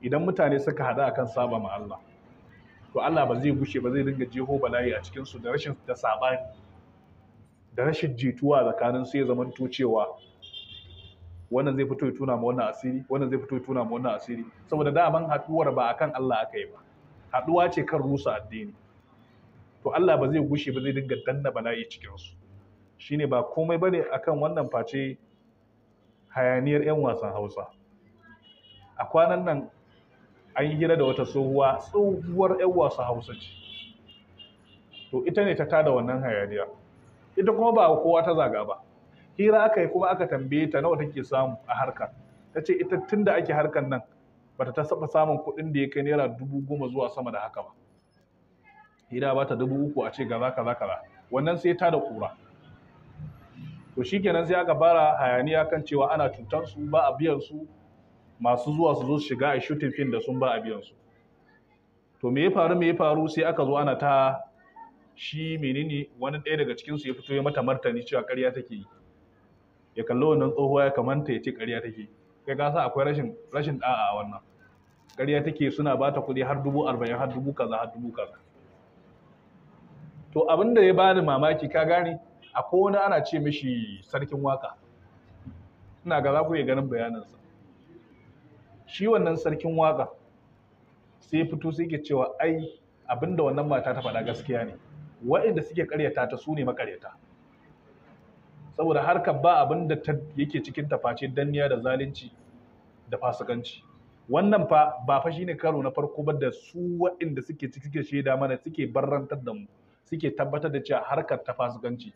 idan mutane suka haɗu kan saba ma Allah to Allah ba zai gushe ba zai dinga jeho balayi a cikinsu da rashin da saɓani, da rashin jituwa tsakanin su ya zaman to cewa wannan zai fito ya tuna ma wannan asiri wannan zai fito ya tuna ma wannan asiri saboda daman haduwar ba kan Allah aka yi ba haduwa ce kan rusa addini to Allah ba zai gushe ba zai dinga danna bala'i cikinsu. Shi shine ba komai ba a akan wannan face hayaniyar 'yan wasan Hausa a kwanan nan an yi hira da wata tsohuwa tsohuwar yan wasu hausa ce to ita ne ta tada wannan hayaniya ita kuma ba kowa ta zaga ba hira aka yi kuma aka tambaye ta nawa take samu a harka ta ce ita tun da ake harkar nan bata ta saba samun kuɗin da ya kai naira dubu goma zuwa sama da haka ba hira ba ta dubu uku a ce za ka wannan sai ta da kura to kenan sai aka bara hayaniya kan cewa ana cutar su ba a biyan su masu zuwa su zo su shiga a shooting da sun ba a biyan su to me ya faru me ya faru sai aka zo ana ta shi menene wani ɗaya daga cikin su ya fito ya mata martani cewa ƙarya take yi ya kallo wannan tsohuwa ya kamanta ya ce ƙarya take kai ka sa akwai rashin rashin da'a a wannan ƙarya take suna ba ta kuɗi har dubu arba'in har dubu kaza har dubu kaza to abin da ya bani mamaki ka gane akwai wani ana ce mishi sarkin waka ina ga za ku iya ganin bayanansa shi wannan sarkin waka sai fito sai ke cewa ai abinda wannan mata ta faɗa gaskiya ne waɗanda suke karyata ta su ne makaryata saboda harkar ba abin da yake cikin taface danniya da zalunci da fasikanci wannan fa ba fa shine karo na farko ba da su waɗanda suke ciki suke shaida mana suke barrantar da mu suke tabbatar da cewa harkar ta fasikanci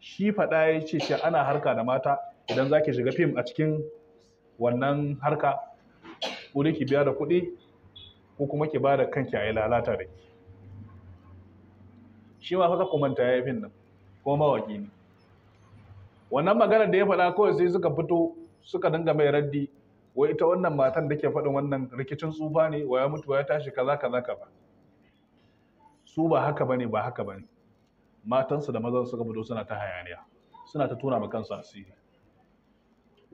shi faɗa ya ce ana harka da mata idan zaki shiga fim a cikin wannan harka ko dai ki biya da kuɗi ko kuma ki ba da kanki a yi lalata da ki shi ma haka kumanta ya yi nan ko mawaki ne wannan maganar da ya faɗa kawai sai suka fito suka dinga mai raddi wai ita wannan matan da ke faɗin wannan rikicin tsufa ne wa ya mutu ya tashi kaza kaza ba su ba haka bane ba haka bane matansu da mazan suka fito suna ta hayaniya suna ta tona ma kansu asiri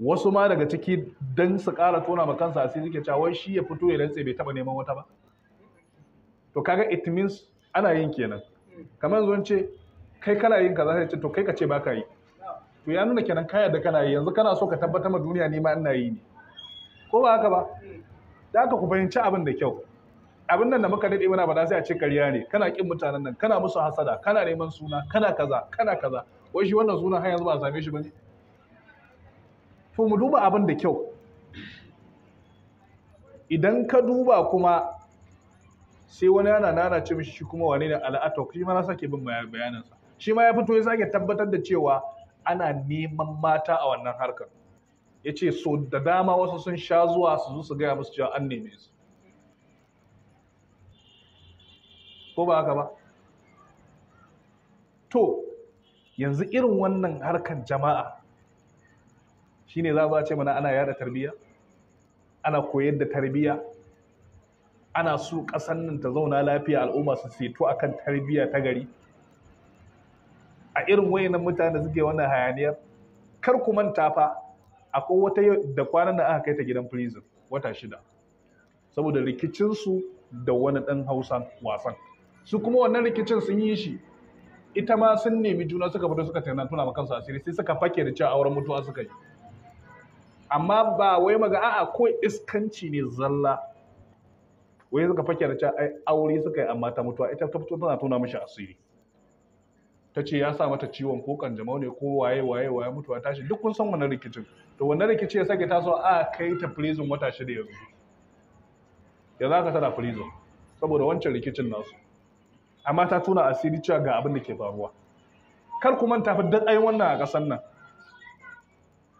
wasu ma daga ciki don su ƙara tona ma kansa sai suke cewa wai shi ya fito ya rantse bai taba neman wata ba to kaga it means ana yin kenan kamar yanzu ce kai kana yin kaza sai ce to kai ka ce baka yi to ya nuna kenan kaya da kana yi yanzu kana so ka tabbatar ma duniya ni ma ina yi ne ko ba haka ba da aka ku fahimci abin da kyau abin nan da muka daɗe muna faɗa sai a ce ƙarya ne kana ƙin mutanen nan kana musu hasada kana neman suna kana kaza kana kaza wai shi wannan sunan har yanzu ba a same shi ba ne to mu duba abin da kyau idan ka duba kuma sai wani yana nana ce mishi kuma wane ne al'atok shi ma na sake bin bayanansa shi ma ya fito ya sake tabbatar da cewa ana neman mata a wannan harkar ya ce so da dama wasu sun sha zuwa su zo su gaya musu cewa an neme su ko ba haka ba to yanzu irin wannan harkar jama'a shine za a ce mana ana yada tarbiyya ana koyar da tarbiyya ana su kasan nan ta zauna lafiya al'umma su seto akan tarbiyya ta gari a irin wayannan mutane da suke wannan hayaniyar kar ku manta fa akwai wata da kwanan da aka kai ta gidan prison wata shida saboda rikicinsu da wani ɗan hausa wasan su kuma wannan rikicin sun yi shi ita ma sun nemi juna suka fito suka tana tuna ma kansu asiri sai suka fake da cewa auren mutuwa suka yi amma ba wai maga a'a ko iskanci ne zalla wai suka fake da cewa ai aure suka yi amma ta mutuwa ita ta fito tana tona mishi asiri ta ce ya sa mata ciwon ko kanjamau ne ko waye waye waye mutuwa tashi duk kun san wannan rikicin to wannan rikici ya sake taso a kai ta prison wata shida yanzu ya za ka tana prison saboda wancan rikicin nasu amma ta tuna asiri cewa ga abin da ke faruwa kar ku manta fa duk wannan a ƙasar nan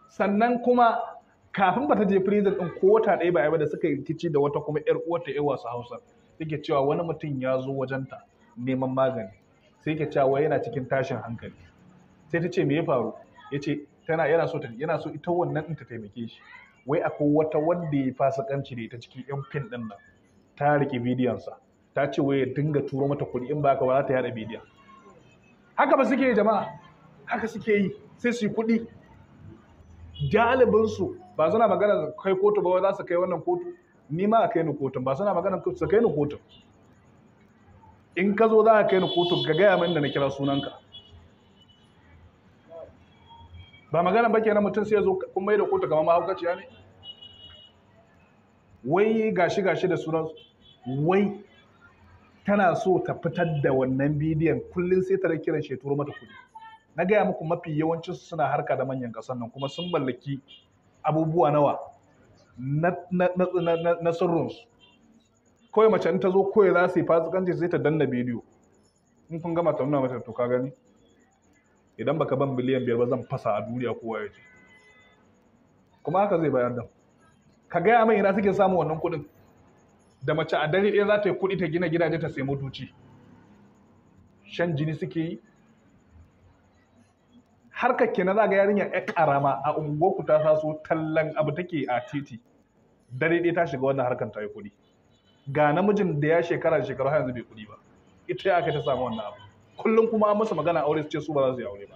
sannan kuma kafin ba ta je prison din ko wata ɗaya ba ba da suka yi da wata kuma yar uwarta yar wasu Hausa take cewa wani mutum ya zo wajenta neman magani sai yake cewa yana cikin tashin hankali sai ta ce me ya faru yace tana yana so ta yana so ita wannan din ta taimake shi wai akwai wata wanda ya fasikanci da ita cikin yan fim din nan ta rike bidiyon sa ta ce wai ya dinga turo mata kuɗi in ba ka ba za ta yada bidiyon haka ba suke yi jama'a haka suke yi sai su yi kuɗi galibinsu ba suna magana kai kotu ba za su kai wannan kotu ni ma a kai ni kotun ba suna magana su kai ni kotun in ka zo za a kai ni kotun ka gaya min da na kira sunanka ba magana ba kenan mutum sai ya zo kun mai da kotu kamar mahaukaciya ne wai gashi gashi da sunan wai tana so ta fitar da wannan bidiyon kullum sai ta kiran shi ya turo mata kuɗi na gaya muku mafi yawancin su suna harka da manyan ƙasar nan kuma sun mallaki abubuwa nawa na na na na sirrinsu kawai mace ta zo kawai za su yi fasikanci sai ta danna bidiyo in kun gama ta nuna mata to ka gani idan baka ban biliyan biyar ba zan fasa a duniya kowa ya ce kuma haka zai bayar da ka gaya mai ina suke samun wannan kuɗin da mace a dare ɗaya za ta yi kuɗi ta gina gidaje ta sai motoci shan jini suke yi harkar kenan za ga yarinya ya karama a unguwarku ta taso tallan abu take a titi dare ɗaya ta shiga wannan harkar ta yi kuɗi ga namijin da ya shekara da shekaru har yanzu bai kuɗi ba ita ya aka ta samu wannan abu kullum kuma an masa magana aure su ce su ba za su yi aure ba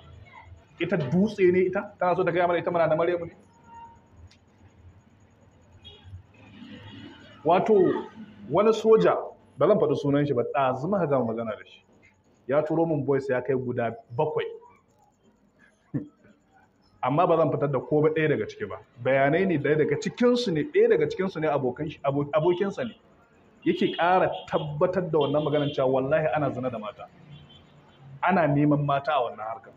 ita dutse ne ita tana so ta kai mana ita mana na maryamu ne wato wani soja ba zan faɗi sunan shi ba ɗazu muka gama magana da shi ya turo min boys ya kai guda bakwai amma ba zan fitar da ko ɗaya daga ciki ba bayanai ne ɗaya daga cikinsu ne ɗaya daga cikinsu ne abokinsa ne yake ƙara tabbatar da wannan maganin cewa wallahi ana zina da mata ana neman mata a wannan harkar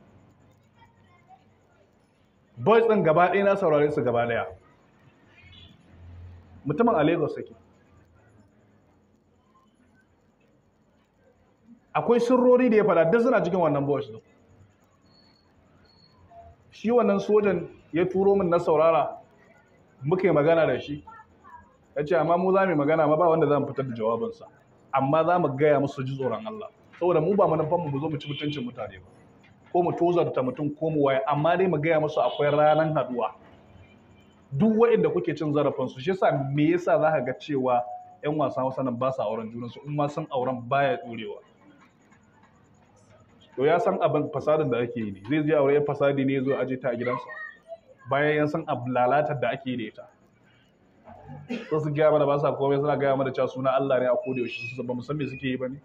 boys ɗin gaba ɗaya na saurare su gaba ɗaya mutumin a lagos yake akwai sirrori da ya faɗa duk suna cikin wannan boys ɗin shi wannan sojan ya turo min na saurara muke magana da shi ya ce amma mu za mu magana ma ba wanda za mu fitar da jawabinsa amma za mu gaya musu ji tsoron Allah saboda mu ba manufan mu zo mu ci mutuncin mutane ba ko mu tozarta mutum ko mu waye amma dai mu gaya musu akwai ranar haduwa duk waɗanda kuke cin zarafinsu shi yasa me yasa za ka ga cewa 'yan wasa wasannin ba sa auren junansu in ma sun auren baya ɗorewa to ya san abin fasadin da ake yi ne zai je aure fasadi ne zuwa aje ta a gidansa bayan ya san lalatar da ake yi da ita sun su gaya mana ba sa komai suna gaya mana cewa suna Allah ne a koda yaushe su ba musamman suke yi ba ne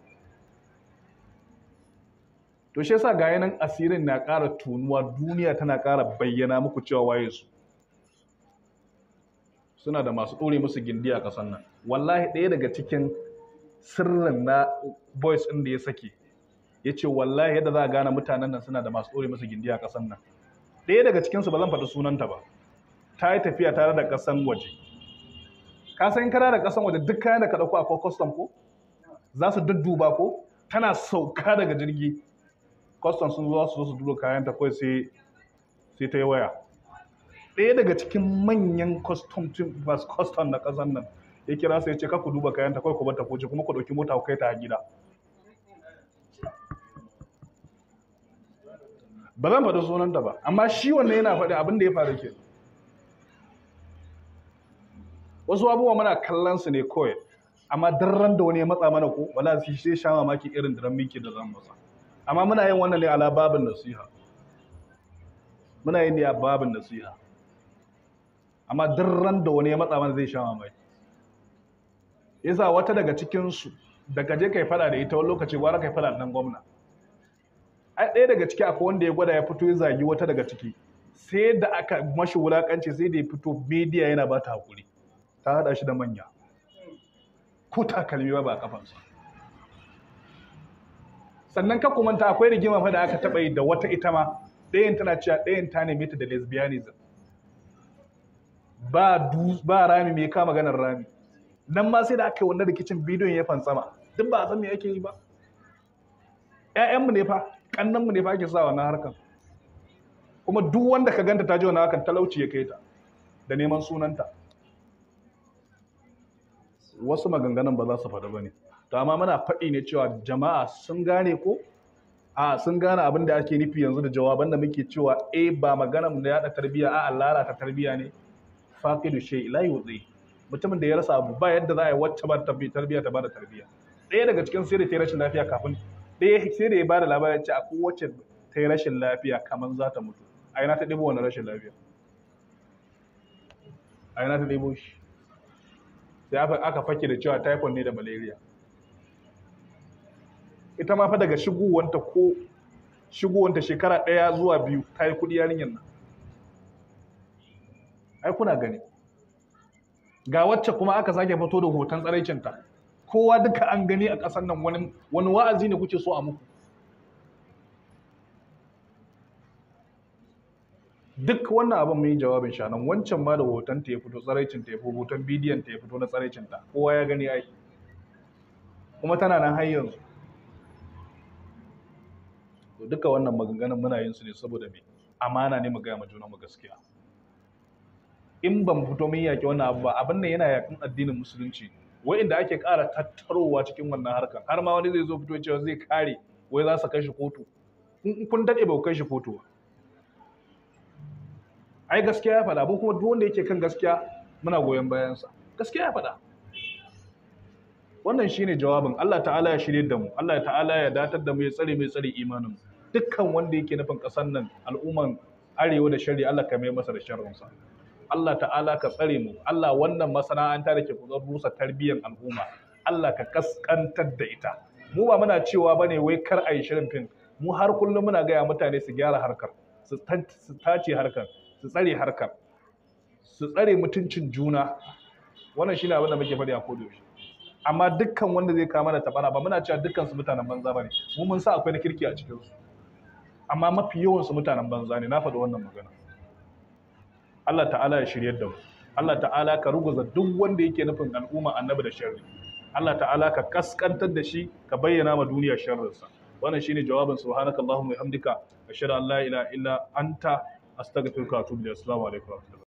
to shi yasa gaya nan asirin na ƙara tunuwa duniya tana ƙara bayyana muku cewa waye su suna da masu ɗore musu gindi a ƙasan nan wallahi ɗaya daga cikin sirrin na boys ɗin da ya sake ya ce wallahi yadda za a gane mutanen nan suna da masu ɗore masu gindi a ƙasan nan ɗaya daga cikinsu ba zan faɗi sunanta ba ta yi tafiya tare da ƙasan waje ka san kana da ƙasan waje duk kayan da ka ɗauko akwai kwastam ko za su dudduba ko tana sauka daga jirgi kwastam sun zo su zo su duro kayan ta kawai sai ta yi waya ɗaya daga cikin manyan kwastam tun masu kwastam na ƙasan nan ya kira sai ya ce ka ku duba kayan ta kawai ku bar ta kuma ku ɗauki mota ku kai ta gida ba zan faɗi sunan ta ba amma shi wannan yana faɗi abin da ya faru ke wasu abubuwa muna kallon su ne kawai amma ran da wani ya matsa mana ko wala shi sai sha mamaki irin da ranmiki da zan masa amma muna yin wannan ne ala babin nasiha muna yin ne a babin nasiha amma ran da wani ya matsa mana zai sha mamaki yasa wata daga cikin su daga je kai fada da ita wani lokaci gwara kai fada nan gwamna ai ɗaya daga ciki akwai wanda ya gwada ya fito ya zagi wata daga ciki sai da aka mashi wulakanci sai da ya fito media yana ba ta hakuri ta hada shi da manya ko takalmi ba ba kafansa sannan ka kumanta akwai rigima fa da aka taba yi da wata ita ma ɗayan tana cewa ɗayan ta neme ta da lesbianism ba du ba rami mai kama ganin rami nan ma sai da aka yi wannan rikicin bidiyon ya fansama duk ba a san me ake yi ba ƴaƴanmu ne fa kannan mu ne fa ake sa wannan harkan kuma duk wanda ka ganta ta ji wannan harkan talauci ya kai ta da neman sunanta wasu maganganun ba za su faɗa ba ne to amma muna faɗi ne cewa jama'a sun gane ko a sun gane abin da ake nufi yanzu da jawaban da muke cewa eh ba magana mu da yada tarbiyya a Allah ta tarbiyya ne faqidu shay la yudhi mutumin da ya rasa abu ba yadda za a yi wacce ba tarbiyya ta ba da tarbiyya ɗaya daga cikin sirri ta rashin lafiya kafin ɗaya sai da ya bada labarin ci akwai wacce ta yi rashin lafiya kamar za ta mutu a yana ta ɗebo wani rashin lafiya a yana ta ɗibo shi sai aka fake da cewa typhoid ne da malaria ita ma fa daga shigowanta ko shigowanta shekara ɗaya zuwa biyu ta yi kuɗi yarinyar nan ai kuna gani ga wacce kuma aka sake fito da hoton tsaraicinta kowa duka an gani a ƙasar nan wani wa'azi ne kuke so a muku duk wannan abin mun yi jawabin sha nan wancan ma da hoton ta ya fito tsaraicin ta ya fito hoton bidiyon ta ya fito na tsaraicin ta kowa ya gani ai kuma tana nan har yanzu to duka wannan maganganun muna yin su ne saboda me amana ne mu gaya ma junanmu gaskiya in ban fito mun yaƙi wannan abu ba abin nan yana yaƙin addinin musulunci wa'inda ake ƙara tattarowa cikin wannan harkan har ma wani zai zo fito cewa zai kare wai za su kai shi kotu in kun daɗe ba ku kai shi kotu ba ai gaskiya ya faɗa mu kuma duk wanda yake kan gaskiya muna goyon bayansa gaskiya ya faɗa wannan shine jawabin Allah ta'ala ya shirye da mu Allah ta'ala ya datar da mu ya tsare mai tsare imanin dukkan wanda yake nufin ƙasar nan al'umman arewa da shari'a Allah ka mai masa da sharrinsa Allah ta'ala ka tsare mu Allah wannan masana'anta da ke kuzar rusa tarbiyyar al'umma Allah ka kaskantar da ita mu ba muna cewa bane wai kar a yi shirin fim mu har kullum muna gaya mutane su gyara harkar su tace harkar su tsare harkar su tsare mutuncin juna wannan shine abin da muke fadi a kodo yaushe amma dukkan wanda zai kama da tabara ba muna cewa dukkan su mutanen banza bane mu mun sa akwai na kirki a cikin su amma mafi yawan su mutanen banza ne na faɗi wannan magana Allah ta'ala ya shiryar da mu Allah ta'ala ka ruguza duk wanda yake nufin al'umma annabi da sharri Allah ta'ala ka kaskantar da shi ka bayyana ma duniya sharrinsa wannan shine jawabin subhanakallahumma wa bihamdika ashhadu an la ilaha illa anta astaghfiruka wa atubu ilayk assalamu alaikum